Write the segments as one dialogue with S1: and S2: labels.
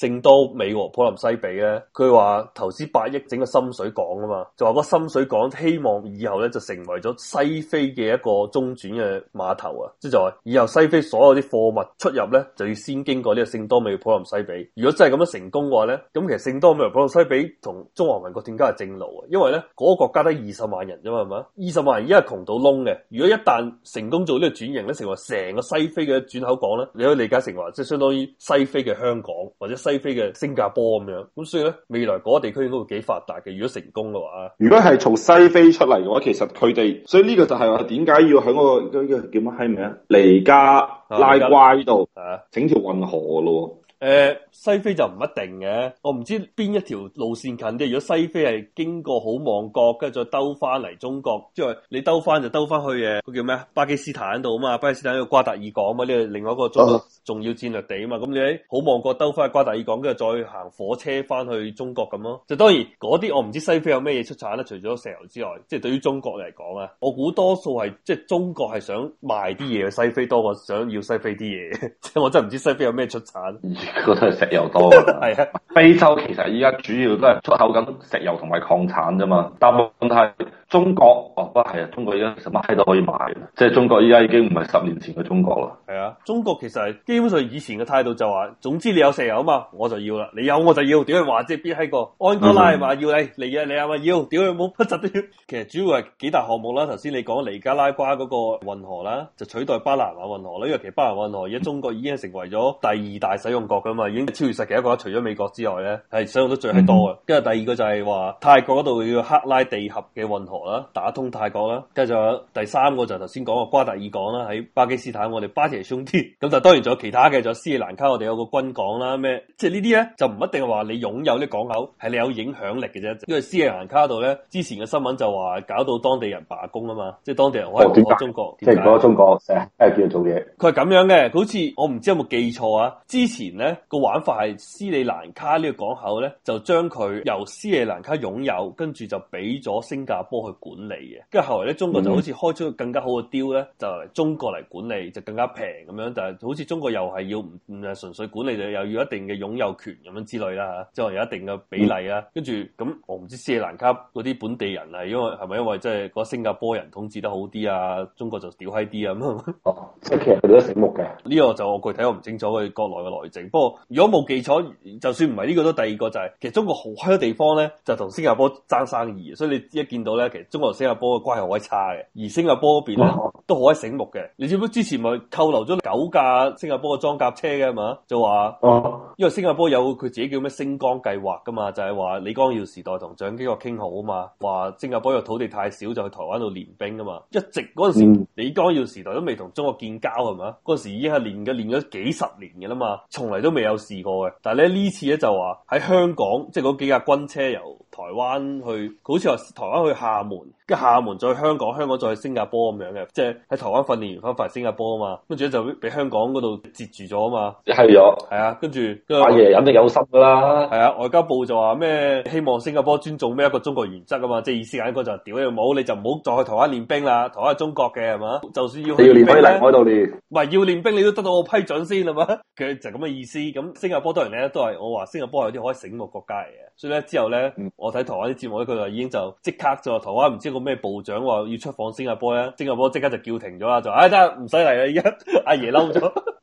S1: 聖多美和普林西比咧，佢話投資八億整個深水港啊嘛，就話個深水港希望以後咧就成為咗西非嘅一個中轉嘅碼頭啊，即係話以後西非所有啲貨物出入咧就要先經過呢個聖多美和普林西比。如果真係咁樣成功嘅話咧，咁其實聖多美和普林西比同中華民國點解係正路啊，因為咧嗰個國家得二十萬人啫嘛，二十萬人依家係窮到窿嘅。如果一旦成功做呢個轉型咧，成為成個西非嘅轉口港咧，你可以理解成話即係相當於西非嘅香港或者西西非嘅新加坡咁樣，咁所以咧未來嗰個地區應該會幾發
S2: 達嘅。如果成功嘅話，如果係從西非出嚟嘅話，其實佢哋，所以呢個就係話點解要響嗰個，嗰個叫乜閪名？尼加拉瓜呢度啊，整條運河咯。
S1: 誒、呃，西非就唔一定嘅，我唔知邊一條路線近啲。如果西非係經過好望角，跟住再兜翻嚟中國，即係你兜翻就兜翻去誒，佢叫咩？巴基斯坦度啊嘛，巴基斯坦個瓜達爾港嘛，呢個另外一個重要、啊、重要戰略地啊嘛。咁你喺好望角兜翻去瓜達爾港，跟住再行火車翻去中國咁咯。就當然嗰啲，我唔知西非有咩嘢出產咧。除咗石油之外，即係對於中國嚟講啊，我估多數係即係中國係想賣啲嘢西，西非多過想要西非啲嘢。即 係我真係唔知西非有咩出
S2: 產。 我都係石油多啊，係啊！非洲其實依家主要都係出口緊石油同埋礦產啫嘛。但問題中國，哦，不係啊！中國依家十蚊閪都可以買，即係中國依家已經唔係十年前嘅中國啦。係啊！中國其實基本上以前嘅態度
S1: 就話，總之你有石油啊嘛，我就要啦。你有我就要，屌你即係必閪個安哥拉話要你，嗯、你啊你啊嘛要，屌你冇乜柒都要。 其實主要係幾大項目啦，頭先你講尼加拉瓜嗰個運河啦，就取代巴拿馬運河啦。因為其實巴拿馬運河而家中國已經成為咗第二大使用國。咁啊，已經超越世界一個啦。除咗美國之外咧，係使用得最係多嘅。跟住第二個就係話泰國嗰度叫克拉地峽嘅運河啦，打通泰國啦。跟住仲有第三個就頭先講過瓜達爾港啦，喺巴基斯坦我哋巴鐵兄弟。咁就係當然仲有其他嘅，仲有斯里蘭卡我哋有個軍港啦，咩？即係呢啲咧就唔一定話你擁有啲港口係你有影響力嘅啫。因為斯里蘭卡度咧之前嘅新聞就話搞到當地人罷工啊嘛，即係當地人我覺得中國即係講中國
S2: 成一叫佢做
S1: 嘢。佢係咁樣嘅，好似我唔知有冇記錯啊？之前咧。個玩法係斯里蘭卡呢個港口咧，就將佢由斯里蘭卡擁有，跟住就俾咗新加坡去管理嘅。跟住後來咧，中國就好似開出更加好嘅雕 e a l 咧，就中國嚟管理就更加平咁樣。但係好似中國又係要唔唔係純粹管理，就又要一定嘅擁有權咁樣之類啦吓，即、啊、係有一定嘅比例啊。嗯、跟住咁、嗯，我唔知斯里蘭卡嗰啲本地人啊，因為係咪因為即係嗰新加坡人統治得好啲啊？中國就屌閪啲咁。 哦，即係其
S2: 實佢都醒目嘅。
S1: 呢個就我具體我唔清楚，佢國內嘅內政。如果冇記錯，就算唔係呢個都第二個就係、是，其實中國好開多地方咧，就同新加坡爭生意，所以你一見到咧，其實中國同新加坡嘅關係好鬼差嘅，而新加坡嗰邊咧都好鬼醒目嘅。你知唔知之前咪扣留咗九架新加坡嘅裝甲車嘅嘛？就話，啊、因為新加坡有佢自己叫咩星光計劃噶嘛，就係、是、話李光耀時代同蔣經國傾好啊嘛，話新加坡嘅土地太少，就去台灣度練兵啊嘛。一直嗰陣時，嗯、李光耀時代都未同中國建交係嘛，嗰陣時已經係練嘅練咗幾十年嘅啦嘛，從嚟都。都未有試過嘅，但係咧呢次咧就話喺香港，即係嗰幾架軍車又。台灣去，好似話台灣去廈門，跟住廈門再去香港，香港再去新加坡咁樣嘅，即係喺台灣訓練完翻翻去新加坡啊嘛，跟住仲就俾香港嗰度截住咗啊嘛，係咗的，係啊，跟住阿爺肯定有心噶啦，係啊，外交部就話咩希望新加坡尊重咩一個中國原則啊嘛，即係意思係講就是，屌你冇，你就唔好再去台灣練兵啦，台灣係中國嘅係嘛，就算要去練兵要兵喺度練，唔係要練兵你都得到我批准先係嘛，其實 就咁嘅意思，咁新加坡當然咧都係我話新加坡有啲可以醒目嘅國家嚟嘅，所以咧之後咧我。嗯睇台灣啲節目咧，佢就已經就即刻就話台灣唔知個咩部長話要出訪新加坡咧，新加坡即刻就叫停咗啦，就唉得唔使嚟啦，而家阿爺嬲咗。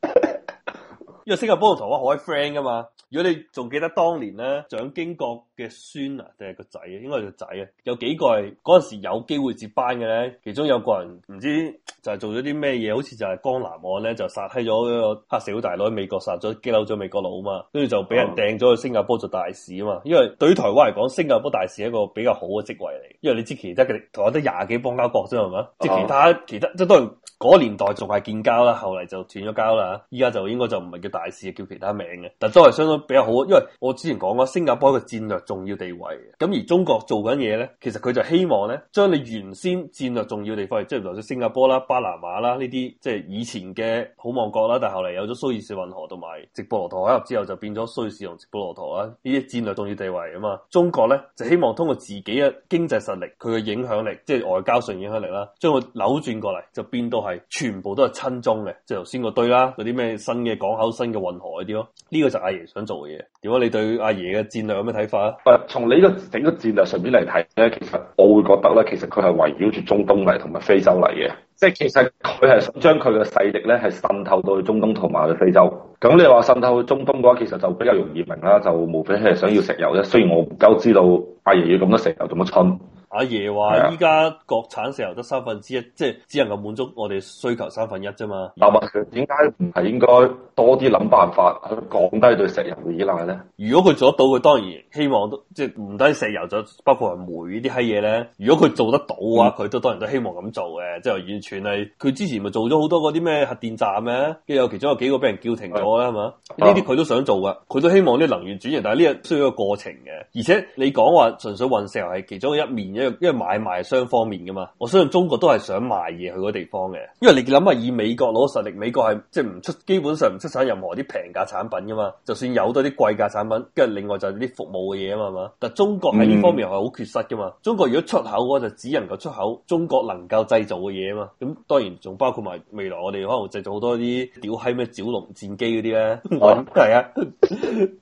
S1: 因為新加坡同台灣好鬼 friend 噶嘛，如果你仲記得當年咧，蔣經國嘅孫啊定係個仔，啊，應該係個仔啊，有幾個係嗰陣時有機會接班嘅咧，其中有個人唔知就係做咗啲咩嘢，好似就係江南岸咧就殺喺咗個黑社會大佬喺美國殺咗，激嬲咗美國佬啊嘛，跟住就俾人掟咗去新加坡做大使啊嘛，因為對於台灣嚟講，新加坡大使係一個比較好嘅職位嚟，因為你知其他嘅台灣得廿幾邦交國啫嘛，uh huh.，即係其他其他即係都係。嗰年代仲係建交啦，後嚟就斷咗交啦。依家就應該就唔係叫大使，叫其他名嘅。但都係相當比較好，因為我之前講過，新加坡嘅戰略重要地位。咁而中國做緊嘢咧，其實佢就希望咧，將你原先戰略重要地方，即係例如新加坡啦、巴拿馬啦呢啲，即係以前嘅好望角啦，但後嚟有咗蘇伊士運河同埋直布羅陀海峽之後，就變咗蘇伊士同直布羅陀啦。呢啲戰略重要地位啊嘛。中國咧就希望通過自己嘅經濟實力、佢嘅影響力，即係外交上影響力啦，將佢扭轉過嚟，就變到係全部都係親中嘅，即係頭先個堆啦，嗰啲咩新嘅港口、新嘅運河嗰啲
S2: 咯。呢個就阿爺想做嘅嘢。點解你對阿爺嘅戰略有咩睇法啊？從你個整個戰略上面嚟睇咧，其實我會覺得咧，其實佢係圍繞住中東嚟，同埋非洲嚟嘅。即係其實佢係想將佢嘅勢力咧，係滲透到去中東同埋去非洲。咁你話滲透去中東嘅話，其實就比較容易明啦。就無非係想要石油啫，雖然我唔夠知道阿爺要咁多石油做乜親。.
S1: 阿爺話：依家國產石油得三分之一，即係只能夠滿足我哋需求三分之一啫嘛。嗱，點解唔係應該多啲諗辦法降低對石油嘅依賴咧？如果佢做得到，佢當然希望都即係唔單係石油，就包括係煤呢啲閪嘢咧。如果佢做得到啊，佢、嗯、都當然都希望咁做嘅，即係完全係佢之前咪做咗好多嗰啲咩核電站嘅，跟住有其中有幾個俾人叫停咗啦，係嘛、哎？呢啲佢都想做噶，佢都希望啲能源轉型，但係呢個需要一個過程嘅。而且你講話純粹運石油係其中一面。因為因為買賣雙方面噶嘛，我相信中國都係想賣嘢去嗰地方嘅，因為你諗下以美國攞實力，美國係即係唔出基本上唔出產任何啲平價產品噶嘛，就算有都係啲貴價產品，跟住另外就係啲服務嘅嘢啊嘛，但係中國喺呢方面係好缺失噶嘛，中國如果出口嘅話，就只能夠出口中國能夠製造嘅嘢啊嘛，咁、嗯、當然仲包括埋未來我哋可能製造好多啲屌閪咩爪龍戰機嗰啲咧，係啊，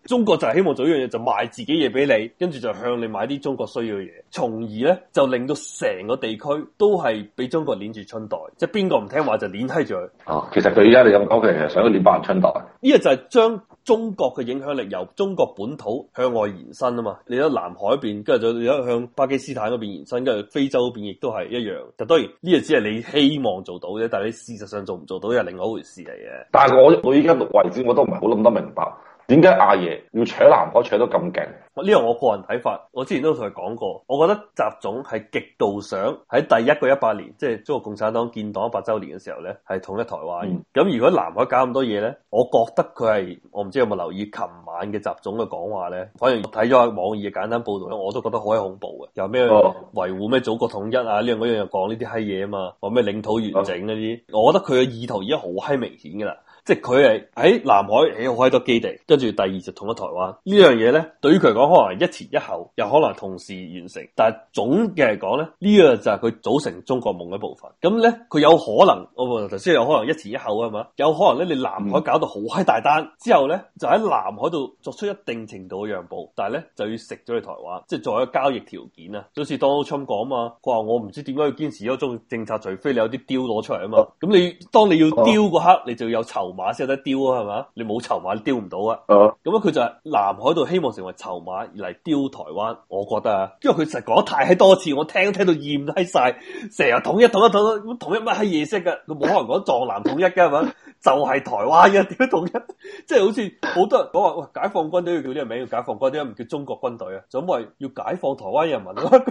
S1: 中國就係希望做一樣嘢，就賣自己嘢俾你，跟住就向你買啲中國需要嘅嘢，從而。就令到成個地區都係俾中國鏈住春袋，即係邊個唔聽話就鏈喺住佢。哦、啊，其實佢而家你咁，O K，係想鏈爆人春袋。呢個就係將中國嘅影響力由中國本土向外延伸啊嘛。你喺南海邊，跟住就你喺向巴基斯坦嗰邊延伸，跟住非洲嗰邊亦都係一樣。但當然，呢、這個只係你希望做到啫，但係你事實上做唔做到又係另外一回事嚟嘅。
S2: 但係我我到依家為止，我都唔係好諗得明
S1: 白。點解阿爺要搶南海搶得咁勁？呢個我個人睇法，我之前都同佢講過，我覺得習總係極度想喺第一個一百年，即係中國共產黨建黨一百周年嘅時候咧，係統一台灣。咁、嗯、如果南海搞咁多嘢咧，我覺得佢係我唔知有冇留意琴晚嘅習總嘅講話咧。反正睇咗網易嘅簡單報道咧，我都覺得好恐怖嘅。有咩維護咩祖國統一啊？呢樣嗰樣又講呢啲閪嘢啊嘛，話咩領土完整嗰啲。嗯、我覺得佢嘅意圖已經好閪明顯噶啦。即係佢係喺南海起好閪多基地，跟住第二就統一台灣呢樣嘢咧，對於佢嚟講可能係一前一後，又可能同時完成。但係總嘅嚟講咧，呢、這個就係佢組成中國夢嘅部分。咁咧佢有可能，我頭先有可能一前一後啊嘛，有可能咧你南海搞到好閪大單之後咧，就喺南海度作出一定程度嘅讓步，但係咧就要食咗你台灣，即係作為一個交易條件啊。好似 Donald Trump 講啊嘛，佢話我唔知點解要堅持一種政策，除非你有啲丟攞出嚟啊嘛。咁、嗯、你當你要丟嗰刻，你就有籌。馬先有得丟啊，係嘛？你冇籌碼，你丟唔到啊。咁啊、uh，佢、huh. 就係南海度希望成為籌碼嚟丟台灣。我覺得啊，因為佢實講得太閪多次，我聽都聽到厭低晒，成日統一統一統一統一乜閪嘢識噶，佢冇可能講藏南統一噶，係嘛？就係台灣人點樣統一？即係、啊就是啊、 好似好多人講話，喂、哎，解放軍都要叫呢個名，解放軍點解唔叫中國軍隊啊，就咁話要解放台灣人
S2: 民、啊、啦。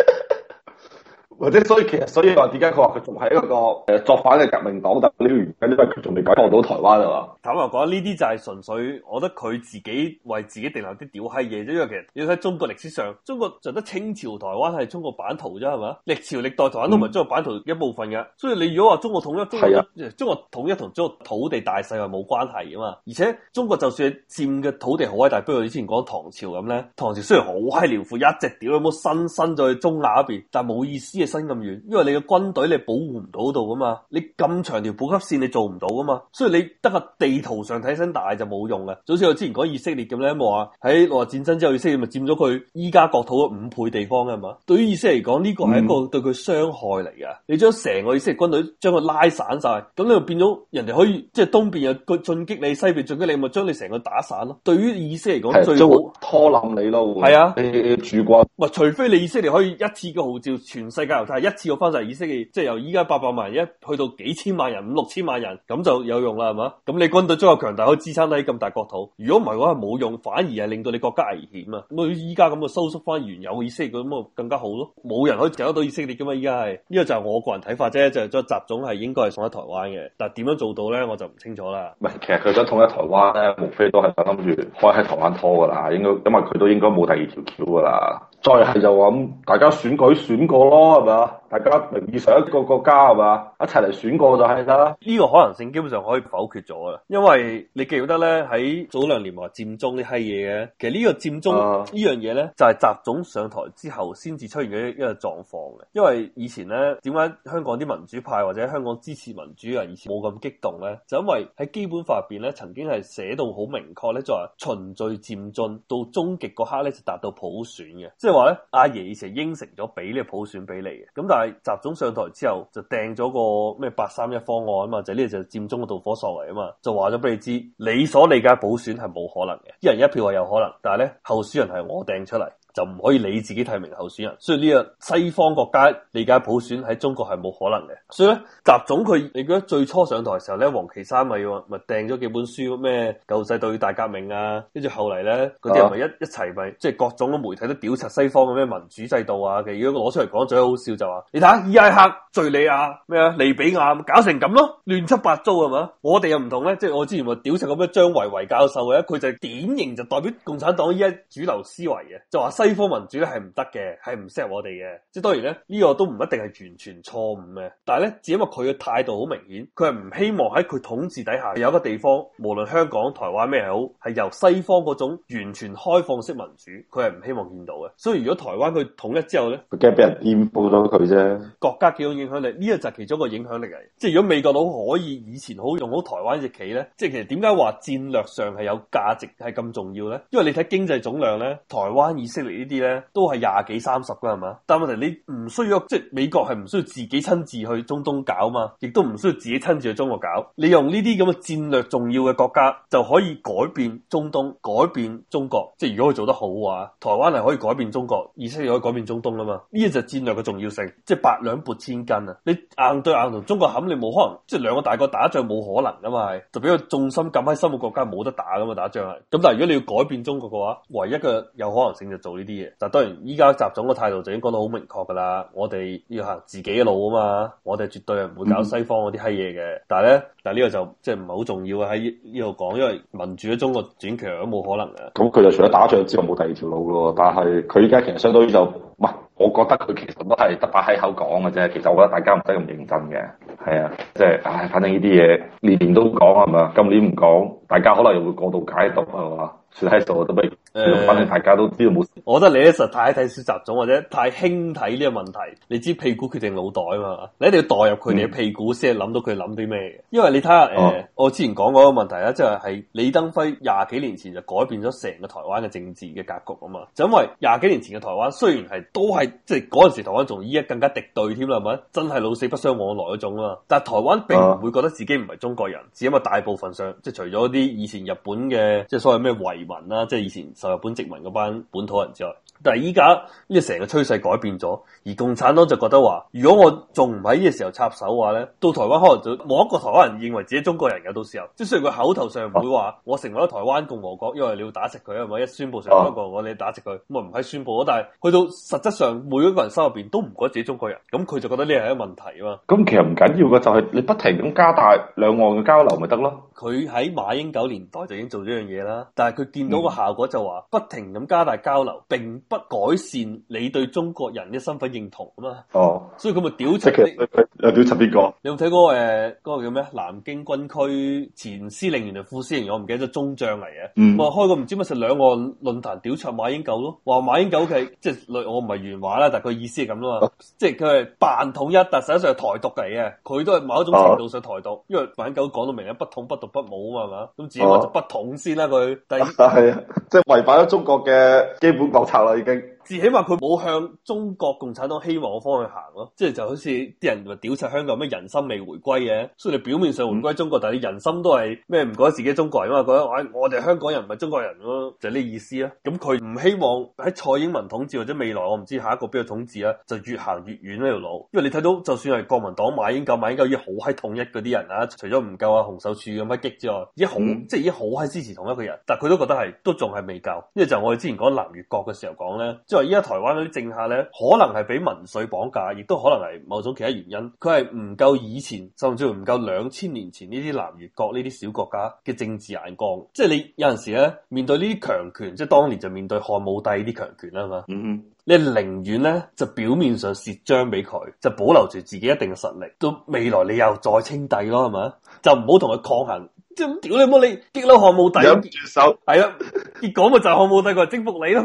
S2: 或者所以其實所以話點解佢話佢仲係一個誒、呃、作反嘅革命黨，但呢個原因，因為佢仲未解放到台灣啊嘛。坦白講呢啲
S1: 就係純粹，我覺得佢自己為自己定立啲屌閪嘢啫。因為其實你睇中國歷史上，中國就得清朝台灣係中國版圖啫，係嘛？歷朝歷代台灣都唔係中國版圖一部分嘅。嗯、所以你如果話中國統一，中國，是的 中國統一同中國土地大細係冇關係噶嘛？而且中國就算佔嘅土地好閪大，不如我之前講唐朝咁咧，唐朝雖然好閪遼闊，一直屌你冇新伸咗去中亞嗰邊，但係冇意思身咁遠，因為你嘅軍隊你保護唔到度噶嘛，你咁長條補給線你做唔到噶嘛，所以你得個地圖上睇身大就冇用嘅，就好似我之前講以色列咁咧，冇話喺六日戰爭之後，以色列咪佔咗佢依家國土嘅五倍地方嘅，係嘛？對於以色列嚟講，呢、這個係一個對佢傷害嚟噶，嗯、你將成個以色列軍隊將佢拉散晒，咁你就變咗人哋可以即係東邊又進擊你，西邊進擊你，咪將你成個打散咯。對於以色列嚟講，最好
S2: 拖冧你咯，係啊的，你，你主角，
S1: 係除非你以色列可以一次嘅號召全世界。由但一次用翻晒以色列，即係由依家八百萬人一去到幾千萬人，五六千萬人，咁就有用啦，係嘛？咁你軍隊足夠強大，可以支撐喺咁大國土。如果唔係，話冇用，反而係令到你國家危險啊！咁依家咁嘅收縮翻原有嘅以色列咁啊，就更加好咯。冇人可以搶得到以色列噶嘛。依家係呢個就係我個人睇法啫，就係將集中係應該係送喺台灣嘅。但係點樣做到咧，我就唔清楚啦。
S2: 係，其實佢想統一台灣咧，無非都係諗住開喺台灣拖噶啦。應該，因為佢都應該冇第二條橋噶啦。再係就話大家選舉選過咯，係咪？大家名義上一個國家係咪？一齊嚟選過就係啦、
S1: 啊。呢個可能性基本上可以否決咗啦，因為你記唔記得咧，喺早兩年話佔中呢閪嘢嘅，其實呢個佔中呢樣嘢咧，就係、啊、習總上台之後先至出現嘅一個狀況嘅。因為以前咧，點解香港啲民主派或者香港支持民主啊，以前冇咁激動咧？就係、因為喺基本法入邊咧，曾經係寫到好明確咧，就話循序漸進到終極嗰刻咧，就達到普選嘅，即係。話咧，阿爺以前應承咗俾呢個普選俾你嘅，咁但係習總上台之後就掟咗個咩八三一方案啊嘛，就呢個就係佔中嘅導火索嚟啊嘛，就話咗俾你知，你所理解普選係冇可能嘅，一人一票係有可能，但係咧候選人係我掟出嚟。就唔可以你自己提名候選人，所以呢個西方國家理解普選喺中國係冇可能嘅。所以咧，習總佢你記得最初上台嘅時候咧，王岐山咪話咪訂咗幾本書咩舊制度與大革命啊，跟住後嚟咧嗰啲人咪一一齊咪即係各種嘅媒體都屌柒西方嘅咩民主制度啊。其實如果攞出嚟講，最好笑就話、是、你睇下伊拉克、敍利亞咩啊、利比亞搞成咁咯，亂七八糟係嘛？我哋又唔同咧，即、就、係、是、我之前咪屌柒過咩張維維教授咧，佢就係典型就代表共產黨依一主流思維嘅，就話西。西方民主咧，係唔得嘅，係唔適合我哋嘅。即係當然咧，呢個都唔一定係完全錯誤嘅。但係咧，只因為佢嘅態度好明顯，佢係唔希望喺佢統治底下有一個地方，無論香港、台灣咩好，係由西方嗰種完全開放式民主，佢係唔希望見到嘅。所以如果台灣佢統一之後咧，佢
S2: 驚俾人顛覆咗佢啫。
S1: 國家幾種影響力，呢個就其中一個影響力嚟。即係如果美國佬可以以前好用好台灣隻棋咧，即係其實點解話戰略上係有價值係咁重要咧？因為你睇經濟總量咧，台灣、以色列。呢啲咧都係廿幾三十噶係嘛，但係問題，你唔需要即係美國係唔需要自己親自去中東搞嘛，亦都唔需要自己親自去中國搞。利用呢啲咁嘅戰略重要嘅國家就可以改變中東、改變中國。即係如果佢做得好嘅話，台灣係可以改變中國，而且又可以改變中東啊嘛。呢啲就戰略嘅重要性，即係八兩撥千斤啊！你硬對硬同中國冚，你冇可能即係兩個大國打仗冇可能噶嘛係。就比較重心咁喺三個國家冇得打噶嘛打仗啊。咁但係如果你要改變中國嘅話，唯一嘅有可能性就做。呢啲嘢，但當然依家習總嘅態度就已經講到好明確噶啦。我哋要行自己嘅路啊嘛，我哋絕對係唔會搞西方嗰啲閪嘢嘅。但係咧，但係呢個就即係唔係好重要啊。喺呢度講，因為民主嘅中國轉強都冇可能嘅。
S2: 咁佢就除咗打仗之外，冇第二條路噶喎。但係佢依家其實相對就，唔係，我覺得佢其實都係得把閪口講嘅啫。其實我覺得大家唔使咁認真嘅，係啊，即係唉，反正呢啲嘢年年都講係嘛，今年唔講，大家可能又會過度解讀係嘛？算喺度都不如。誒，反正、嗯、大家都知道冇事。 我覺得你咧實太
S1: 睇小集眾或者太輕睇呢個問題。你知屁股決定腦袋啊嘛，你一定要代入佢哋嘅屁股先係諗到佢諗啲咩。因為你睇下誒，我之前講嗰個問題即係，係李登輝廿幾年前就改變咗成個台灣嘅政治嘅格局啊嘛。就因為廿幾年前嘅台灣雖然係都係即係嗰陣時台灣仲依家更加敵對添啦，係咪？真係老死不相往來嗰種啊。但係台灣並唔會覺得自己唔係中國人，只因為大部分上即係除咗啲以前日本嘅即係所謂咩遺民啦，即係以前。日本殖民嗰班本土人之外。但係依家呢成個趨勢改變咗，而共產黨就覺得話，如果我仲唔喺呢個時候插手嘅話咧，到台灣可能就冇一個台灣人認為自己中國人嘅，有到時候即係雖然佢口頭上唔會話、啊、我成為咗台灣共和國，因為你要打直佢啊嘛，一宣布成為共和國，我你打直佢，我唔係宣布，但係去到實質上每一個人心入邊都唔覺得自己中國人，咁佢就覺得呢係一個問題啊嘛。咁其實唔
S2: 緊要嘅就係、是、你不停咁加大兩岸嘅交流咪得咯。
S1: 佢喺馬英九年代就已經做咗樣嘢啦，但係佢見到個效果就話、嗯、不停咁加大交流，並。不改善你對中國人嘅身份認同啊嘛，所以佢咪屌柒你，又屌柒邊個？你有冇睇過嗰個誒嗰個叫咩？南京軍區前司令員定副司令員，我唔記得咗，中將嚟嘅，咪開個唔知乜事兩岸論壇屌柒馬英九咯，話馬英九佢即係我唔係原話啦，但係佢意思係咁啦嘛，即係佢係扮統一，但實際上係台獨嚟嘅，佢都係某一種程度上台獨，因為馬英九講到明啦，不統不獨不武啊嘛，咁只不過就不統先啦佢。
S2: 但係，即係違反咗中國嘅基本國策啦。已經。最起
S1: 碼佢冇向中國共產黨希望嘅方向行咯、啊，即係就好似啲人話屌柒香港咩人心未回歸嘅、啊，雖然表面上回歸中國，但係人心都係咩唔覺得自己中國人嘛？覺得唉，我哋香港人唔係中國人咯、啊，就係、是、呢意思啊。咁佢唔希望喺蔡英文統治或者未來我唔知下一個邊個統治啊，就越行越遠呢條路。因為你睇到就算係國民黨馬英九馬英九已經好閪統一嗰啲人啊，除咗唔夠啊洪秀柱咁樣激之外，已經好、嗯、即係已經好閪支持同一嘅人，但佢都覺得係都仲係未夠。因為就我哋之前講南越國嘅時候講咧。因為依家台灣嗰啲政客咧，可能係俾民粹綁架，亦都可能係某種其他原因，佢係唔夠以前，甚至乎唔夠兩千年前呢啲南越國呢啲小國家嘅政治眼光。即係你有陣時咧，面對呢啲強權，即係當年就面對漢武帝呢啲強權啦係嘛。嗯嗯，你寧願咧就表面上蝕章俾佢，就保留住自己一定嘅實力，到未來你又再稱帝咯，係嘛？就唔好同佢抗衡。即屌你冇你激嬲漢武帝，手，係啊，結果咪就漢武帝佢係征服你啦。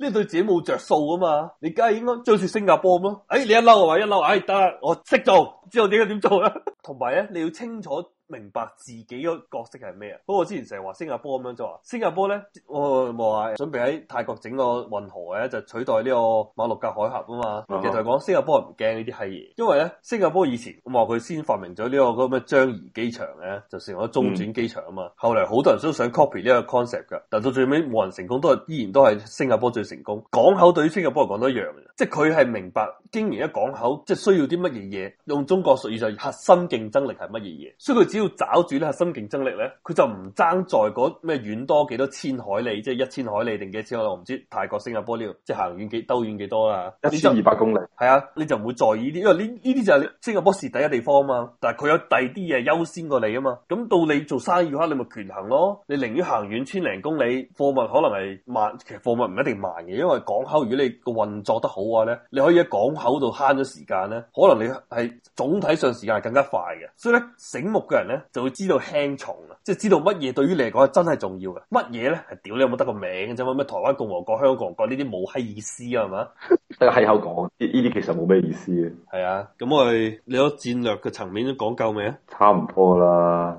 S1: 呢對自己冇著數啊嘛！你梗係應該追住新加坡咁咯。哎，你一嬲我話一嬲，哎得，我識做，知道點樣點做啦。同埋咧，你要清楚。明白自己個角色係咩啊？不過之前成日話新加坡咁樣就話新加坡咧、哦，我冇話準備喺泰國整個運河嘅就取代呢個馬六甲海峽啊嘛。其實就講新加坡人唔驚呢啲閪嘢，因為咧新加坡以前我話佢先發明咗、這個那個、呢個嗰咩樟宜機場咧，就成為咗中轉機場啊嘛。嗯、後嚟好多人都想 copy 呢個 concept 㗎，但到最尾冇人成功都，都係依然都係新加坡最成功。港口對於新加坡嚟講都一樣嘅，即係佢係明白經營一港口即係需要啲乜嘢嘢，用中國説以就核心競爭力係乜嘢嘢，所以佢要找住呢核心競爭力咧，佢就唔爭在嗰咩遠多幾多千海里，即係一千海里定幾多千海里，我唔知。泰國、新加坡呢度即係行遠幾、兜遠幾多啦？一千二百公里。係啊，你就唔會在意啲，因為呢呢啲就係新加坡蝕底嘅地方啊嘛。但係佢有第二啲嘢優先過你啊嘛。咁到你做生意嘅話，你咪權衡咯。你寧願行遠千零公里，貨物可能係慢，其實貨物唔一定慢嘅，因為港口如果你個運作得好嘅話咧，你可以喺港口度慳咗時間咧，可能你係總體上時間係更加快嘅。所以咧，醒目嘅人。就會知道輕重啊，即係知道乜嘢對於你嚟講係真係重要嘅，乜嘢咧係屌你有冇得個名嘅啫？咩台灣共和國、香港共和國呢啲冇閪意思， 意思啊，係嘛？得閪口講，呢啲其實冇咩意思嘅。係啊，咁我哋，你嗰戰略嘅層面都講夠未啊？
S2: 差唔多啦。